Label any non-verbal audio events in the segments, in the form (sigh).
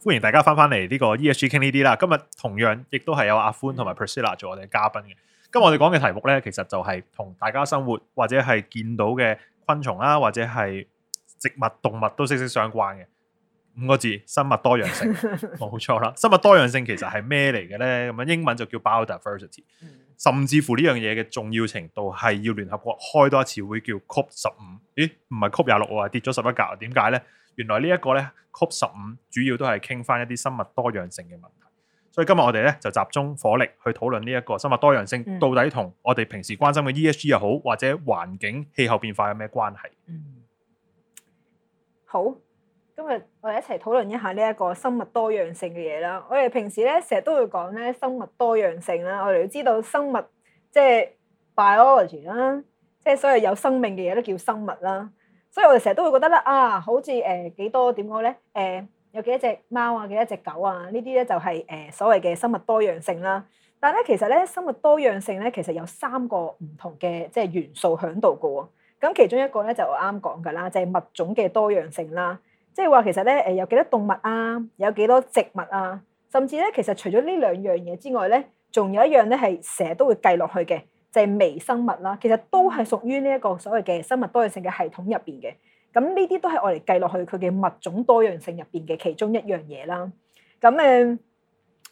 歡迎大家翻翻嚟呢個 E S G 傾呢啲啦，今日同樣亦都係有阿歡同埋 Priscilla 做我哋嘅嘉賓嘅。今日我哋講嘅題目咧，其實就係同大家生活或者係見到嘅昆蟲啦，或者係植物、動物都息息相關嘅五個字：生物多樣性。冇錯 (laughs) 啦，生物多樣性其實係咩嚟嘅咧？咁樣英文就叫 biodiversity。甚至乎呢樣嘢嘅重要程度係要聯合國開多一次會叫 COP 十五。咦？唔係 COP 廿六啊？跌咗十一格，點解咧？原來呢一個咧，COP 十五主要都係傾翻一啲生物多樣性嘅問題，所以今日我哋咧就集中火力去討論呢一個生物多樣性到底同我哋平時關心嘅 ESG 又好，或者環境氣候變化有咩關係？嗯，好，今日我哋一齊討論一下呢一個生物多樣性嘅嘢啦。我哋平時咧成日都會講咧生物多樣性啦，我哋要知道生物即係 biology 啦，即係所有有生命嘅嘢都叫生物啦。所以我哋成日都會覺得啦，啊，好似誒、呃、幾多點講咧？誒、呃、有幾多隻貓啊，幾多隻狗啊？呢啲咧就係、是、誒、呃、所謂嘅生物多樣性啦。但係咧其實咧，生物多樣性咧其實有三個唔同嘅即係元素喺度㗎喎。咁其中一個咧就我啱講㗎啦，就係、是就是、物種嘅多樣性啦。即係話其實咧誒有幾多動物啊，有幾多植物啊，甚至咧其實除咗呢兩樣嘢之外咧，仲有一樣咧係成日都會計落去嘅。即係微生物啦，其實都係屬於呢一個所謂嘅生物多樣性嘅系統入邊嘅。咁呢啲都係我哋計落去佢嘅物種多樣性入邊嘅其中一樣嘢啦。咁誒、呃，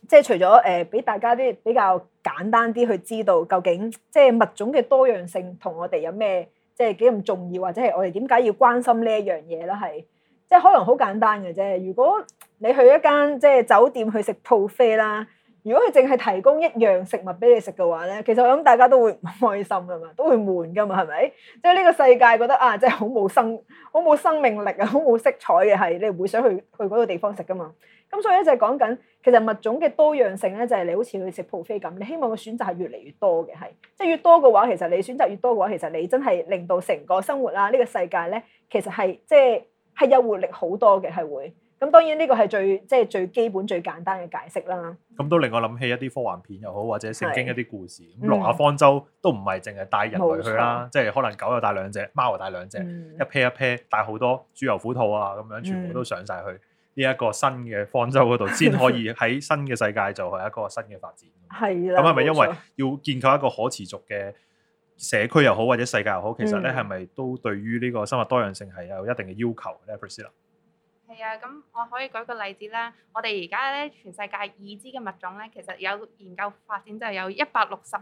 即係除咗誒俾大家啲比較簡單啲去知道究竟即係物種嘅多樣性同我哋有咩即係幾咁重要，或者係我哋點解要關心呢一樣嘢啦？係即係可能好簡單嘅啫。如果你去一間即係酒店去食 buffet 啦。如果佢淨係提供一樣食物俾你食嘅話咧，其實我諗大家都會唔開心噶嘛，都會悶噶嘛，係咪？即係呢個世界覺得啊，真係好冇生好冇生命力啊，好冇色彩嘅係，你會想去去嗰個地方食噶嘛？咁所以咧就係講緊，其實物種嘅多樣性咧就係你好似去食 buffet 咁，你希望嘅選擇係越嚟越多嘅係，即係越多嘅話，其實你選擇越多嘅話，其實你真係令到成個生活啊呢個世界咧，其實係即係係有活力好多嘅係會。咁當然呢個係最即係最基本、最簡單嘅解釋啦。咁、嗯、都令我諗起一啲科幻片又好，或者聖經一啲故事。挪、嗯、亞方舟都唔係淨係帶人類去啦，錯即係可能狗又帶兩隻，貓又帶兩隻，嗯、一 pair 一 pair 帶好多豬、牛虎、兔啊咁樣，全部都上晒去呢一個新嘅方舟嗰度，先可以喺新嘅世界就係一個新嘅發展。係啊、 (laughs) 嗯，咁係咪因為要建構一個可持續嘅社區又好，或者世界又好，其實咧係咪都對於呢個生物多樣性係有一定嘅要求咧？係啊，咁我可以舉個例子啦。我哋而家咧，全世界已知嘅物種咧，其實有研究發展就有一百六十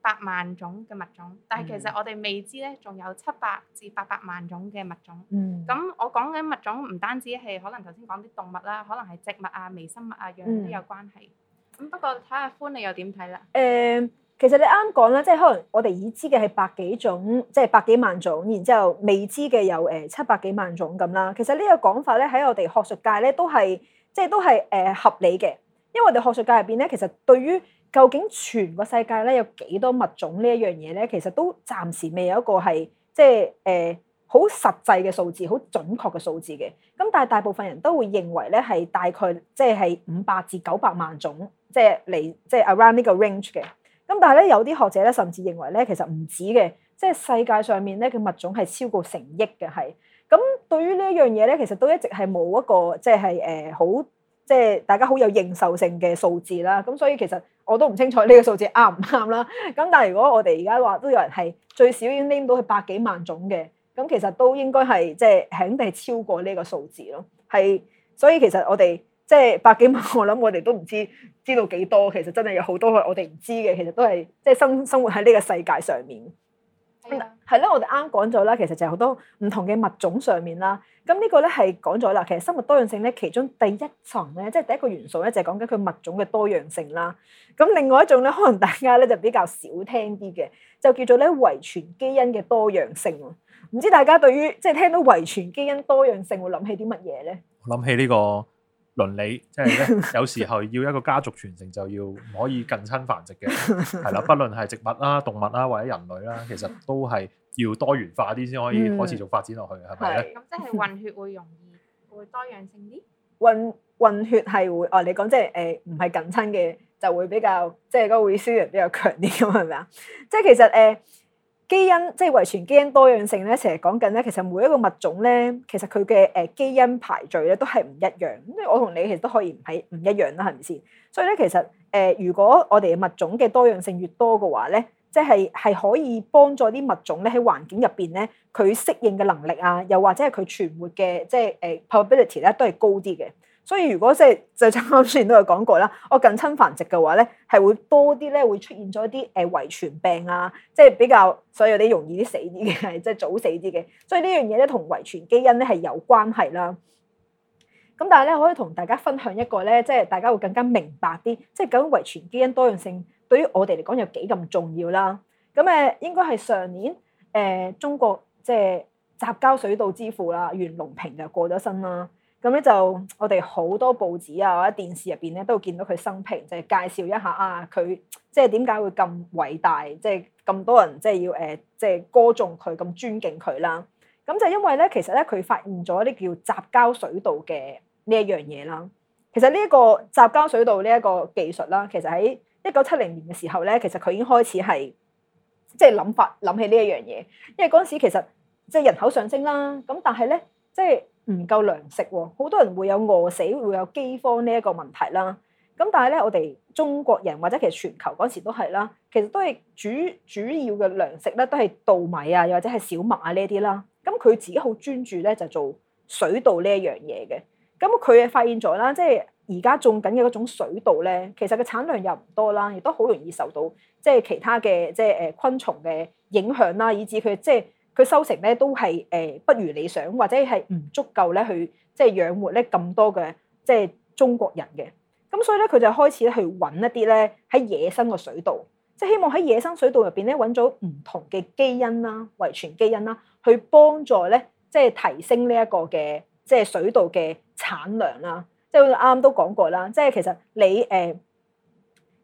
八萬種嘅物種，但係其實我哋未知咧，仲有七百至八百萬種嘅物種。嗯。咁我講緊物種唔單止係可能頭先講啲動物啦，可能係植物啊、微生物啊，樣樣都有關係。嗯。咁不過睇下阿歡你又點睇啦？誒。Um, 其實你啱啱講咧，即係可能我哋已知嘅係百幾種，即係百幾萬種，然之後未知嘅有誒七百幾萬種咁啦。其實呢個講法咧，喺我哋學術界咧，都係即係都係誒、呃、合理嘅，因為我哋學術界入邊咧，其實對於究竟全個世界咧有幾多物種呢一樣嘢咧，其實都暫時未有一個係即係誒好實際嘅數字，好準確嘅數字嘅。咁但係大部分人都會認為咧係大概即係係五百至九百萬種，即係嚟即係 around 呢個 range 嘅。咁但係咧，有啲學者咧，甚至認為咧，其實唔止嘅，即係世界上面咧嘅物種係超過成億嘅，係。咁對於呢一樣嘢咧，其實都一直係冇一個即係誒好，即係大家好有認受性嘅數字啦。咁所以其實我都唔清楚呢個數字啱唔啱啦。咁但係如果我哋而家話都有人係最少已經拎到去百幾萬種嘅，咁其實都應該係即係肯定係超過呢個數字咯。係，所以其實我哋。即係百幾萬，我諗我哋都唔知知道幾多。其實真係有好多我我哋唔知嘅，其實都係即係生生活喺呢個世界上面。係啦，我哋啱講咗啦，其實就係好多唔同嘅物種上面啦。咁呢個咧係講咗啦，其實生物多樣性咧其中第一層咧，即係第一個元素咧，就係講緊佢物種嘅多樣性啦。咁另外一種咧，可能大家咧就比較少聽啲嘅，就叫做咧遺傳基因嘅多樣性。唔知大家對於即係聽到遺傳基因多樣性會諗起啲乜嘢咧？諗起呢個。倫理即係咧，有時候要一個家族傳承就要唔可以近親繁殖嘅，係啦， (laughs) 不論係植物啦、啊、動物啦、啊、或者人類啦、啊，其實都係要多元化啲先可以可持續發展落去，係咪咧？咁吧即係混血會容易，會多樣性啲。混混血係會，哦、你講即係誒，唔、呃、係近親嘅就會比較，即係嗰個 resilience 比較強啲咁，係咪啊？即係其實誒。呃基因即係遺傳基因多樣性咧，成日講緊咧，其實每一個物種咧，其實佢嘅誒基因排序咧都係唔一樣。咁即係我同你其實都可以唔係唔一樣啦，係咪先？所以咧，其實誒，如果我哋嘅物種嘅多樣性越多嘅話咧，即係係可以幫助啲物種咧喺環境入邊咧，佢適應嘅能力啊，又或者係佢存活嘅即係誒 probability 咧都係高啲嘅。所以如果即係就啱先都有講過啦，我近親繁殖嘅話咧，係會多啲咧會出現咗一啲誒遺傳病啊，即係比較所以有啲容易啲死啲嘅，即係早死啲嘅。所以呢樣嘢咧同遺傳基因咧係有關係啦。咁但係咧可以同大家分享一個咧，即係大家會更加明白啲，即係究竟遺傳基因多樣性對於我哋嚟講有幾咁重要啦。咁誒應該係上年誒中國即係雜交水稻之父啦袁隆平就過咗身啦。咁咧就我哋好多報紙啊或者電視入邊咧都會見到佢生平，就係介紹一下啊佢即係點解會咁偉大，即係咁多人即係要誒即係歌頌佢咁尊敬佢啦。咁就因為咧，其實咧佢發現咗一啲叫雜交水稻嘅呢一樣嘢啦。其實呢一個雜交水稻呢一個技術啦，其實喺一九七零年嘅時候咧，其實佢已經開始係即係諗法諗起呢一樣嘢，因為嗰陣時其實即係人口上升啦。咁但係咧即係。唔夠糧食喎，好多人會有餓死，會有饑荒呢一個問題啦。咁但係咧，我哋中國人或者其實全球嗰時都係啦，其實都係主主要嘅糧食咧都係稻米啊，又或者係小麥啊呢啲啦。咁佢自己好專注咧就做水稻呢一樣嘢嘅。咁佢又發現咗啦，即係而家種緊嘅嗰種水稻咧，其實嘅產量又唔多啦，亦都好容易受到即係其他嘅即係誒昆蟲嘅影響啦，以至佢即係。佢收成咧都係誒不如理想，或者係唔足夠咧去即係養活咧咁多嘅即係中國人嘅。咁所以咧佢就開始去揾一啲咧喺野生嘅水稻，即係希望喺野生水稻入邊咧揾咗唔同嘅基因啦、遺傳基因啦，去幫助咧即係提升呢一個嘅即係水稻嘅產量啦。即係啱啱都講過啦，即係其實你誒。呃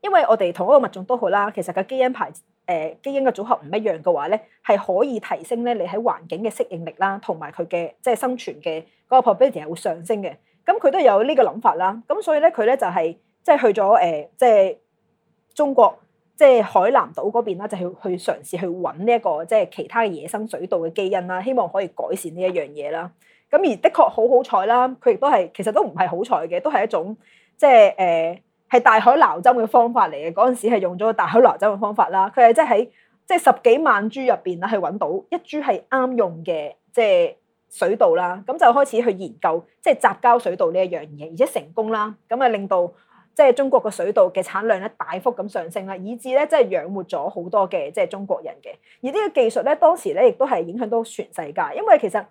因為我哋同一個物種都好啦，其實個基因排誒基因嘅組合唔一樣嘅話咧，係可以提升咧你喺環境嘅適應力啦，同埋佢嘅即係生存嘅嗰、嗰個 probability 係會上升嘅。咁佢都有呢個諗法啦。咁所以咧佢咧就係即係去咗誒，即係、呃、中國即係海南島嗰邊啦，就係、去去嘗試去揾呢一個即係其他嘅野生水稻嘅基因啦，希望可以改善呢一樣嘢啦。咁而的確好好彩啦，佢亦都係其實都唔係好彩嘅，都係一種即係誒。呃係大海撈針嘅方法嚟嘅，嗰陣時係用咗大海撈針嘅方法啦。佢係即係喺即係十幾萬株入邊啦，去揾到一株係啱用嘅即係水稻啦。咁就開始去研究即係、就是、雜交水稻呢一樣嘢，而且成功啦。咁啊令到即係中國嘅水稻嘅產量咧大幅咁上升啦，以至咧即係養活咗好多嘅即係中國人嘅。而呢個技術咧當時咧亦都係影響到全世界，因為其實。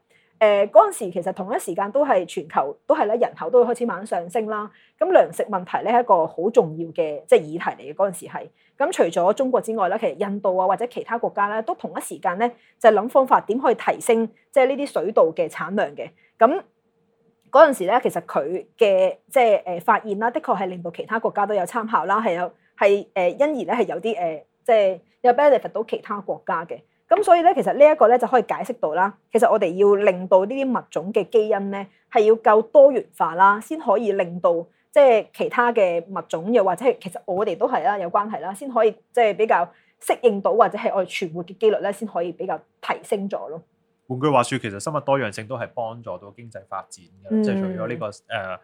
誒，嗰陣、呃、時，其實同一時間都係全球都係咧，人口都開始猛上升啦。咁糧食問題咧係一個好重要嘅即係議題嚟嘅。嗰陣時係咁，除咗中國之外咧,其實印度啊或者其他國家咧都同一時間咧就諗、是、方法點可以提升即係呢啲水稻嘅產量嘅。咁嗰陣時咧其實佢嘅即係誒、呃、發現啦，的確係令到其他國家都有參考啦，係有係誒、呃、因而咧係有啲誒、呃、即係有 benefit 到其他國家嘅。咁所以咧，其實呢一個咧就可以解釋到啦。其實我哋要令到呢啲物種嘅基因咧係要夠多元化啦，先可以令到即係其他嘅物種，又或者係其實我哋都係啦有關係啦，先可以即係比較適應到，或者係我哋存活嘅機率咧，先可以比較提升咗咯。換句話説，其實生物多樣性都係幫助到經濟發展嘅，即係除咗呢個誒、呃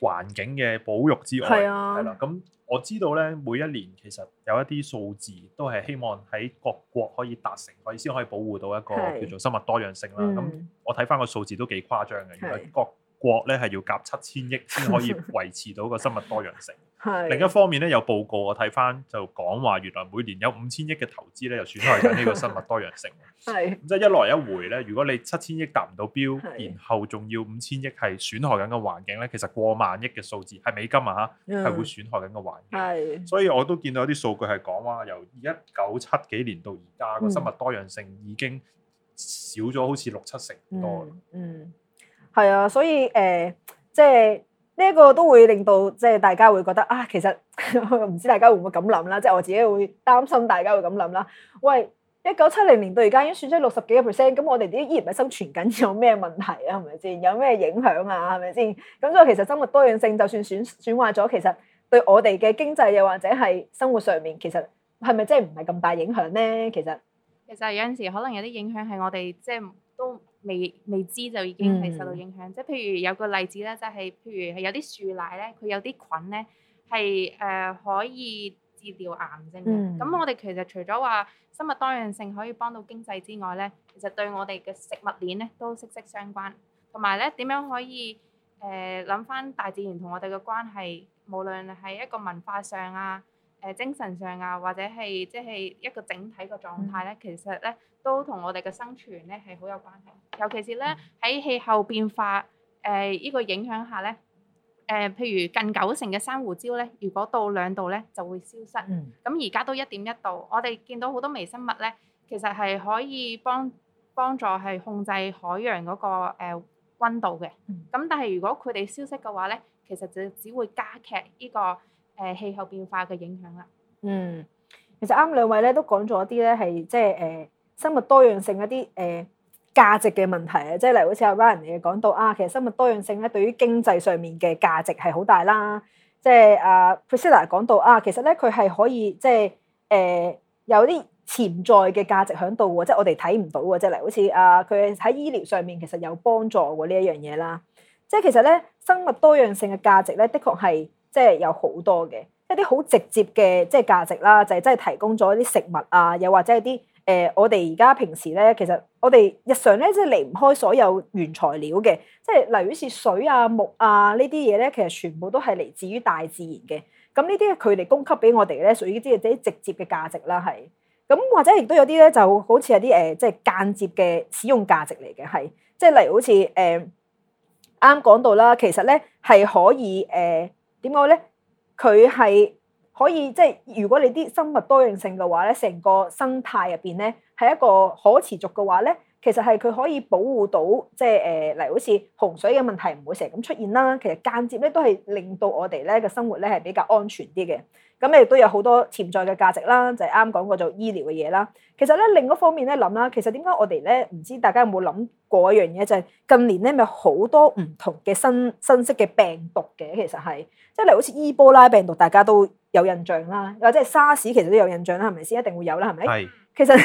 環境嘅保育之外，係啊，咁我知道咧，每一年其實有一啲數字都係希望喺各國可以達成，可以先可以保護到一個叫做生物多樣性啦。咁、嗯、我睇翻個數字都幾誇張嘅，因為各國咧係要夾七千億先可以維持到個的 (laughs) 生物多樣性。是另一方面咧，有報告我睇翻就講話，原來每年有五千億嘅投資咧，就損害緊呢個生物多樣性。係 (laughs) 是，即係一來一回咧，如果你七千億達唔到標，是然後仲要五千億係損害緊個環境咧，其實過萬億嘅數字係美金啊嚇，係、嗯、會損害緊個環境。係是，所以我都見到啲數據係講話，由一九七幾年到而家，個生物多樣性已經少咗好似六七成多，嗯。嗯，係、嗯、啊、嗯，所以誒、呃，即係。呢一個都會令到即係大家會覺得啊，其實唔 (laughs) 知大家會唔會咁諗啦，即係我自己會擔心大家會咁諗啦。喂，一九七零年到而家已經損失六十幾個 percent，咁我哋啲依然係生存緊，有咩問題啊？係咪先？有咩影響啊？係咪先？咁所以其實生物多樣性就算損損壞咗，其實對我哋嘅經濟又或者係生活上面，其實係咪真係唔係咁大影響呢？其實其實有陣時可能有啲影響係我哋即係都。未未知就已經係受到影響，嗯、即係譬如有個例子咧，就係、是、譬如係有啲樹奶咧，佢有啲菌咧係誒可以治療癌症嘅。咁、嗯、我哋其實除咗話生物多樣性可以幫到經濟之外咧，其實對我哋嘅食物鏈咧都息息相關。同埋咧，點樣可以誒諗翻大自然同我哋嘅關係，無論係一個文化上啊。誒、呃、精神上啊，或者係即係一個整體嘅狀態咧，其實咧都同我哋嘅生存咧係好有關係。尤其是咧喺氣候變化誒依、呃這個影響下咧，誒、呃、譬如近九成嘅珊瑚礁咧，如果到兩度咧就會消失。咁而家都一點一度，我哋見到好多微生物咧，其實係可以幫幫助係控制海洋嗰個誒溫度嘅。咁、嗯、但係如果佢哋消失嘅話咧，其實就只會加劇呢、這個。誒氣候變化嘅影響啦，嗯，其實啱兩位咧都講咗啲咧係即係誒生物多樣性一啲誒、呃、價值嘅問題啊，即係例如好似阿 Ryan 嚟講到啊，其實生物多樣性咧對於經濟上面嘅價值係好大啦，即係啊 Priscilla 講到啊，其實咧佢係可以即係誒有啲潛在嘅價值喺度喎，即係我哋睇唔到嘅即係例如好似啊佢喺醫療上面其實有幫助喎呢一樣嘢啦，即係其實咧生物多樣性嘅價值咧，的確係。即係有好多嘅，一啲好直接嘅即係價值啦，就係真係提供咗一啲食物啊，又或者係啲誒我哋而家平時咧，其實我哋日常咧即係離唔開所有原材料嘅，即係例如好似水啊、木啊呢啲嘢咧，其實全部都係嚟自於大自然嘅。咁呢啲佢哋供給俾我哋咧，屬於即係啲直接嘅價值啦，係。咁或者亦都有啲咧，就好似係啲誒即係間接嘅使用價值嚟嘅，係即係例如好似誒啱講到啦，其實咧係可以誒。呃點講咧？佢係可以即係，如果你啲生物多樣性嘅話咧，成個生態入邊咧，係一個可持續嘅話咧，其實係佢可以保護到即係誒、呃，例如好似洪水嘅問題唔會成日咁出現啦。其實間接咧都係令到我哋咧個生活咧係比較安全啲嘅。咁亦都有好多潛在嘅價值啦，就係啱講過做醫療嘅嘢啦。其實咧另一方面咧諗啦，其實點解我哋咧唔知大家有冇諗過一樣嘢，就係、是、近年咧咪好多唔同嘅新新式嘅病毒嘅，其實係即係例如好似伊波拉病毒，大家都有印象啦，或者沙士其實都有印象啦，係咪先一定會有啦，呃、有係咪？係、嗯。其實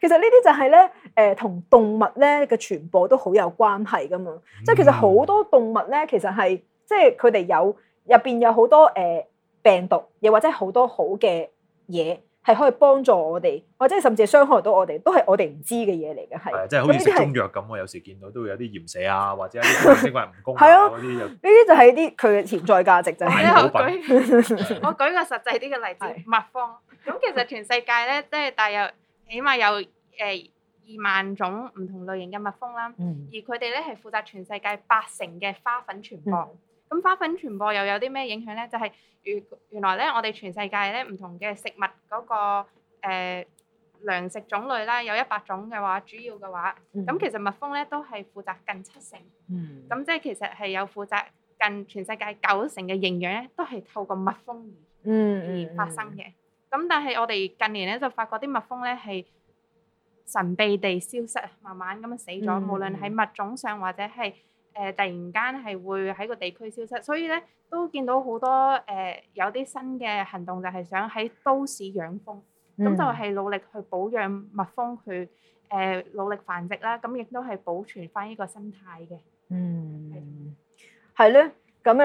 其實呢啲就係咧誒同動物咧嘅傳播都好有關係噶嘛。即係其實好多動物咧，其實係即係佢哋有入邊有好多誒。病毒，又或者好多好嘅嘢，係可以幫助我哋，或者甚至傷害到我哋，都係我哋唔知嘅嘢嚟嘅。係，即係好似食中藥咁，我是有時見到都會有啲驗蛇啊，或者啲人怪蜈蚣，係咯， (laughs) 呢啲就係啲佢嘅潛在價值就係。 (laughs) 我舉個實際啲嘅例子， (laughs) 蜜蜂。咁其實全世界咧，即係大約起碼有誒二萬種唔同類型嘅蜜蜂啦。而佢哋咧係負責全世界八成嘅花粉傳播。 (laughs) 咁花粉傳播又有啲咩影響咧？就係、是、原原來咧，我哋全世界咧唔同嘅食物嗰、那個誒、呃、糧食種類啦，有一百種嘅話，主要嘅話，咁、嗯、其實蜜蜂咧都係負責近七成。嗯。咁即係其實係有負責近全世界九成嘅營養咧，都係透過蜜蜂而而發生嘅。咁、嗯嗯嗯嗯、但係我哋近年咧就發覺啲蜜蜂咧係神秘地消失，慢慢咁樣死咗，無論喺物種上或者係。嗯嗯嗯嗯嗯誒，突然間係會喺個地區消失，所以咧都見到好多誒，有啲新嘅行動就係想喺都市養蜂，咁就係努力去保養蜜蜂，去誒努力繁殖啦。咁亦都係保存翻呢個生態嘅。嗯，係咧。咁誒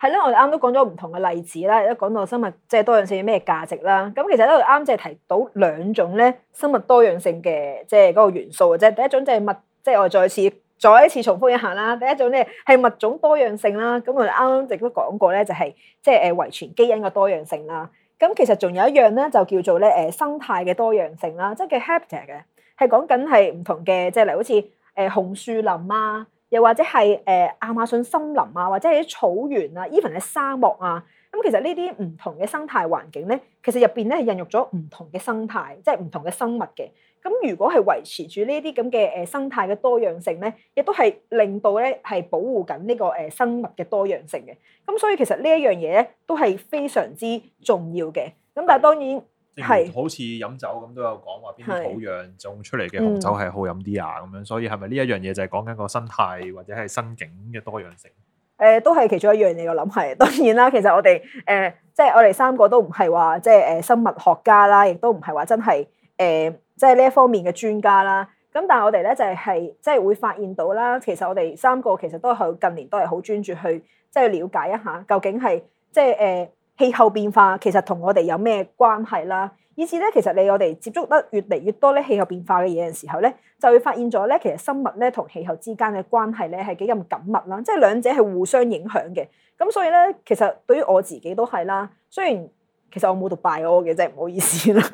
係咧，我哋啱都講咗唔同嘅例子啦。一講到生物即係多樣性咩價值啦，咁其實咧啱即係提到兩種咧生物多樣性嘅即係嗰個元素嘅啫。第一種就係物，即係我哋再次。再一次重複一下啦，第一種咧係物種多樣性啦，咁我哋啱啱亦都講過咧，就係即係誒遺傳基因嘅多樣性啦。咁其實仲有一樣咧，就叫做咧誒生態嘅多樣性啦，即係 habitat 嘅，係講緊係唔同嘅，即係嚟好似誒紅樹林啊，又或者係誒亞馬遜森林啊，或者係啲草原啊，even 係沙漠啊。咁其實呢啲唔同嘅生態環境咧，其實入邊咧係孕育咗唔同嘅生態，即係唔同嘅生物嘅。咁如果係維持住呢啲咁嘅誒生態嘅多樣性咧，亦都係令到咧係保護緊呢個誒生物嘅多樣性嘅。咁所以其實呢一樣嘢咧都係非常之重要嘅。咁但係當然係好似飲酒咁都有講話邊啲土壤種出嚟嘅紅酒係好飲啲啊咁樣。所以係咪呢一樣嘢就係講緊個生態或者係生境嘅多樣性？誒，都係其中一樣嘢。我諗係當然啦。其實我哋誒即係我哋三個都唔係話即係誒生物學家啦，亦都唔係話真係。誒，即係呢一方面嘅專家啦。咁但係我哋咧就係即係會發現到啦。其實我哋三個其實都係近年都係好專注去即係了解一下究竟係即係誒氣候變化其實同我哋有咩關係啦。以至咧，其實你我哋接觸得越嚟越多咧氣候變化嘅嘢嘅時候咧，就會發現咗咧，其實生物咧同氣候之間嘅關係咧係幾咁緊密啦。即係兩者係互相影響嘅。咁所以咧，其實對於我自己都係啦。雖然其實我冇讀 bio 嘅，真係唔好意思啦。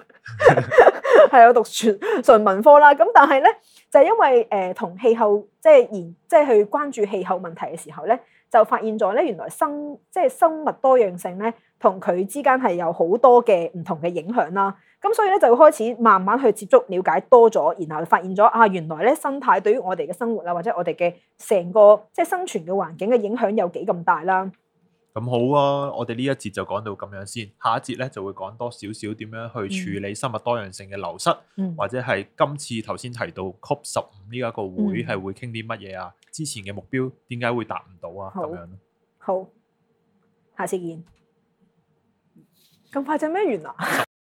(laughs) 係啊， (laughs) 有讀純純文科啦，咁但係咧就係、是、因為誒同、呃、氣候即係研即係去關注氣候問題嘅時候咧，就發現咗咧，原來生即係生物多樣性咧同佢之間係有好多嘅唔同嘅影響啦，咁所以咧就開始慢慢去接觸了解多咗，然後發現咗啊，原來咧生態對於我哋嘅生活啊，或者我哋嘅成個即係生存嘅環境嘅影響有幾咁大啦。咁好啊！我哋呢一節就講到咁樣先，下一節咧就會講多少少點，點樣去處理生物多樣性嘅流失，嗯、或者係今次頭先提到 COP 十五呢一個會係會傾啲乜嘢啊？之前嘅目標點解會達唔到啊？咁好樣咯。好，下次見。咁快就咩完啦、啊？ (laughs)